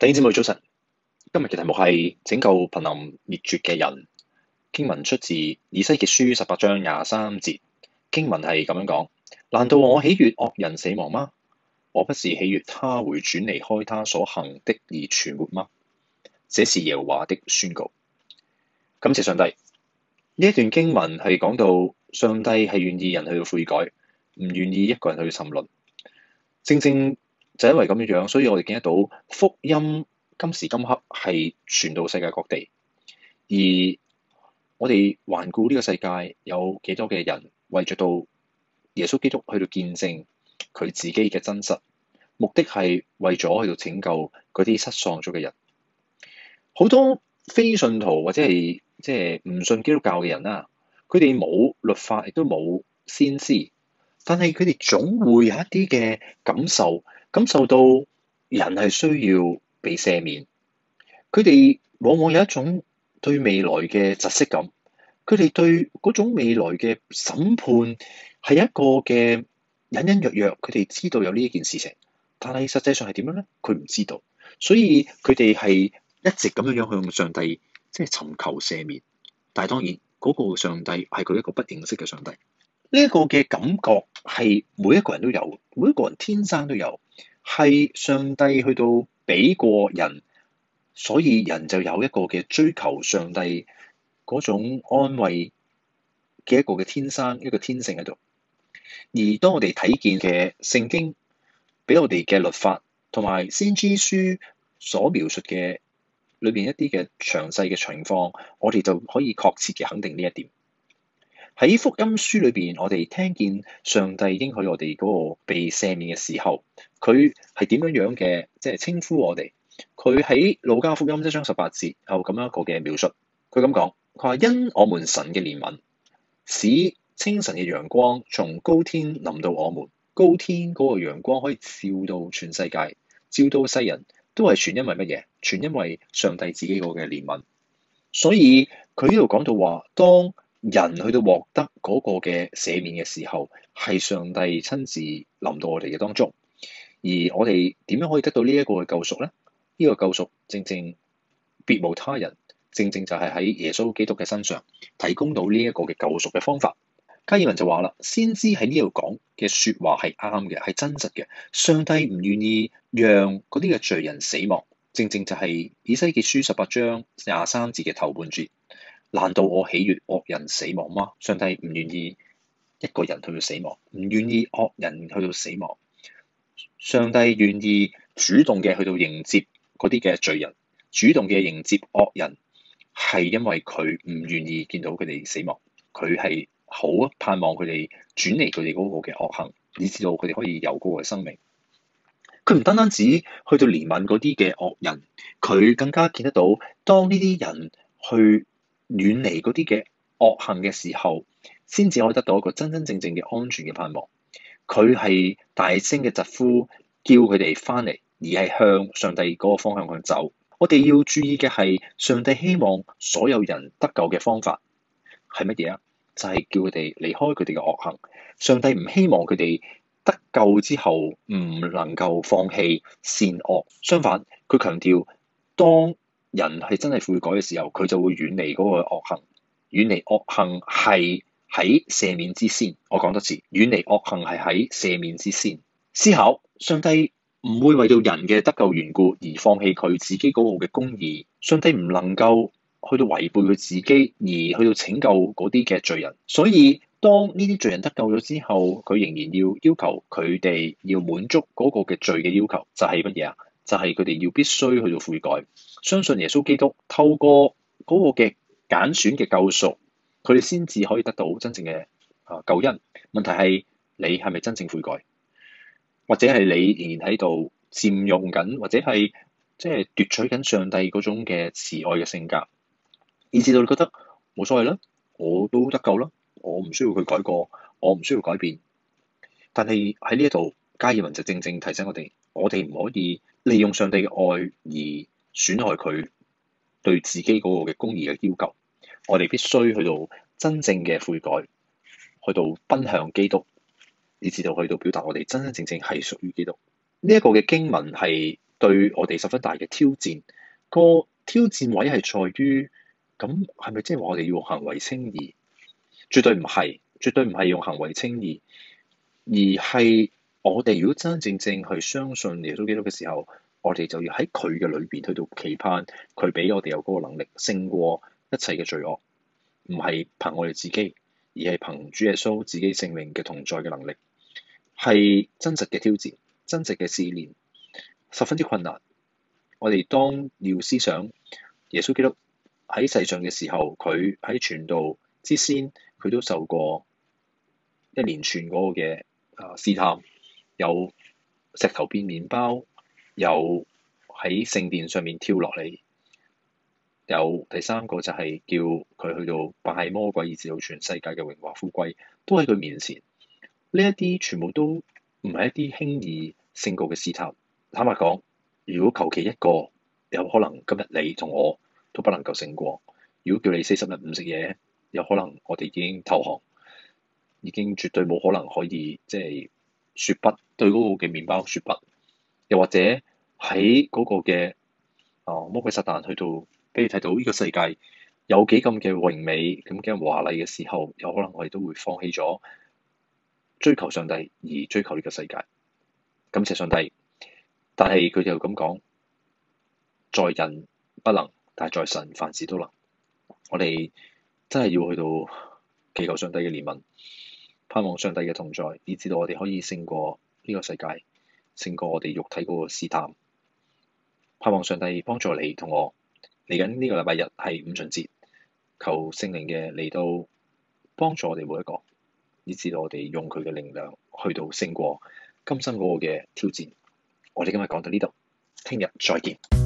弟兄姊妹早晨，今日嘅題目係拯救瀕臨滅絕嘅人。經文出自以西結書十八章廿三節，經文係咁樣講：難道我喜悅惡人死亡嗎？我不是喜悅他回轉離開他所行的而存活嗎？這是耶和華的宣告。感謝上帝，呢一段經文係講到上帝係願意人去悔改，唔願意一個人去沉淪，正正。就因為咁樣樣，所以我哋見得到福音今時今刻係傳到世界各地。而我哋環顧呢個世界，有幾多嘅人為著到耶穌基督去到見證佢自己嘅真實，目的係為咗去到拯救嗰啲失喪咗嘅人。好多非信徒或者係即係唔信基督教嘅人啦、啊，佢哋冇律法，亦都冇先知，但係佢哋總會有一啲嘅感受。感受到人係需要被赦免，佢哋往往有一種對未來嘅窒息感。佢哋對嗰種未來嘅審判係一個嘅隱隱約約，佢哋知道有呢一件事情，但係實際上係點樣咧？佢唔知道，所以佢哋係一直咁樣樣向上帝即係尋求赦免。但係當然嗰個上帝係佢一個不認識嘅上帝。呢一個嘅感覺係每一個人都有，每一個人天生都有，係上帝去到俾過人，所以人就有一個嘅追求上帝嗰種安慰嘅一個嘅天生一個天性喺度。而當我哋睇見嘅聖經，俾我哋嘅律法同埋先知書所描述嘅裏邊一啲嘅詳細嘅情況，我哋就可以確切嘅肯定呢一點。喺福音書裏邊，我哋聽見上帝應許我哋嗰個被赦免嘅時候，佢係點樣樣嘅，即係稱呼我哋。佢喺《路加福音》一章十八節有咁樣一個嘅描述。佢咁講，佢話因我們神嘅憐憫，使清晨嘅陽光從高天臨到我們，高天嗰個陽光可以照到全世界，照到世人，都係全因為乜嘢？全因為上帝自己個嘅憐憫。所以佢呢度講到話，當人去到獲得嗰個嘅赦免嘅時候，係上帝親自臨到我哋嘅當中，而我哋點樣可以得到呢一個嘅救贖咧？呢個救贖正正別無他人，正正就係喺耶穌基督嘅身上提供到呢一個嘅救贖嘅方法。加爾文就話啦，先知喺呢度講嘅説話係啱嘅，係真實嘅。上帝唔願意讓嗰啲嘅罪人死亡，正正就係以西結書十八章廿三節嘅頭半節。難道我喜悅惡人死亡嗎？上帝唔願意一個人去到死亡，唔願意惡人去到死亡。上帝願意主動嘅去到迎接嗰啲嘅罪人，主動嘅迎接惡人，係因為佢唔願意見到佢哋死亡。佢係好盼望佢哋轉離佢哋嗰個嘅惡行，以至到佢哋可以有嗰個嘅生命。佢唔單單止去到憐憫嗰啲嘅惡人，佢更加見得到當呢啲人去。遠離嗰啲嘅惡行嘅時候，先至可以得到一個真真正正嘅安全嘅盼望。佢係大聲嘅疾呼，叫佢哋翻嚟，而係向上帝嗰個方向去走。我哋要注意嘅係，上帝希望所有人得救嘅方法係乜嘢啊？就係叫佢哋離開佢哋嘅惡行。上帝唔希望佢哋得救之後唔能夠放棄善惡。相反，佢強調當。人係真係悔改嘅時候，佢就會遠離嗰個惡行，遠離惡行係喺赦免之先。我講多次，遠離惡行係喺赦免之先。思考，上帝唔會為到人嘅得救緣故而放棄佢自己嗰個嘅公義。上帝唔能夠去到違背佢自己，而去到拯救嗰啲嘅罪人。所以當呢啲罪人得救咗之後，佢仍然要要求佢哋要滿足嗰個嘅罪嘅要求，就係乜嘢啊？就係佢哋要必須去做悔改，相信耶穌基督透過嗰個嘅揀選嘅救贖，佢哋先至可以得到真正嘅啊救恩。問題係你係咪真正悔改，或者係你仍然喺度佔用緊，或者係即係奪取緊上帝嗰種嘅慈愛嘅性格，以至到你覺得冇所謂啦，我都得救啦，我唔需要佢改過，我唔需要改變。但係喺呢一度，加爾文就正正提醒我哋。我哋唔可以利用上帝嘅愛而損害佢對自己嗰個嘅公義嘅要求。我哋必須去到真正嘅悔改，去到奔向基督，以至到去到表達我哋真真正正係屬於基督。呢一個嘅經文係對我哋十分大嘅挑戰。個挑戰位係在於，咁係咪即係話我哋要用行為稱義？絕對唔係，絕對唔係用行為稱義，而係。我哋如果真真正正去相信耶穌基督嘅時候，我哋就要喺佢嘅裏邊去到期盼佢俾我哋有嗰個能力勝過一切嘅罪惡，唔係憑我哋自己，而係憑主耶穌自己性命嘅同在嘅能力，係真實嘅挑戰，真實嘅試煉，十分之困難。我哋當要思想耶穌基督喺世上嘅時候，佢喺傳道之先，佢都受過一連串嗰個嘅試探。有石頭變麵包，有喺聖殿上面跳落嚟，有第三個就係叫佢去到拜魔鬼，以至到全世界嘅榮華富貴都喺佢面前。呢一啲全部都唔係一啲輕易勝過嘅試探。坦白講，如果求其一個，有可能今日你同我都不能夠勝過。如果叫你四十日唔食嘢，有可能我哋已經投降，已經絕對冇可能可以即係説不。對嗰個嘅麵包雪白，又或者喺嗰個嘅哦魔鬼撒旦去到俾你睇到呢個世界有幾咁嘅榮美，咁幾咁華麗嘅時候，有可能我哋都會放棄咗追求上帝而追求呢個世界。感謝上帝，但係佢就咁講，在人不能，但係在神凡事都能。我哋真係要去到祈求上帝嘅憐憫，盼望上帝嘅同在，以至到我哋可以勝過。呢個世界勝過我哋肉體嗰個試探，盼望上帝幫助你同我。嚟緊呢個禮拜日係五旬節，求聖靈嘅嚟到幫助我哋每一個，以至到我哋用佢嘅力量去到勝過今生嗰個嘅挑戰。我哋今日講到呢度，聽日再見。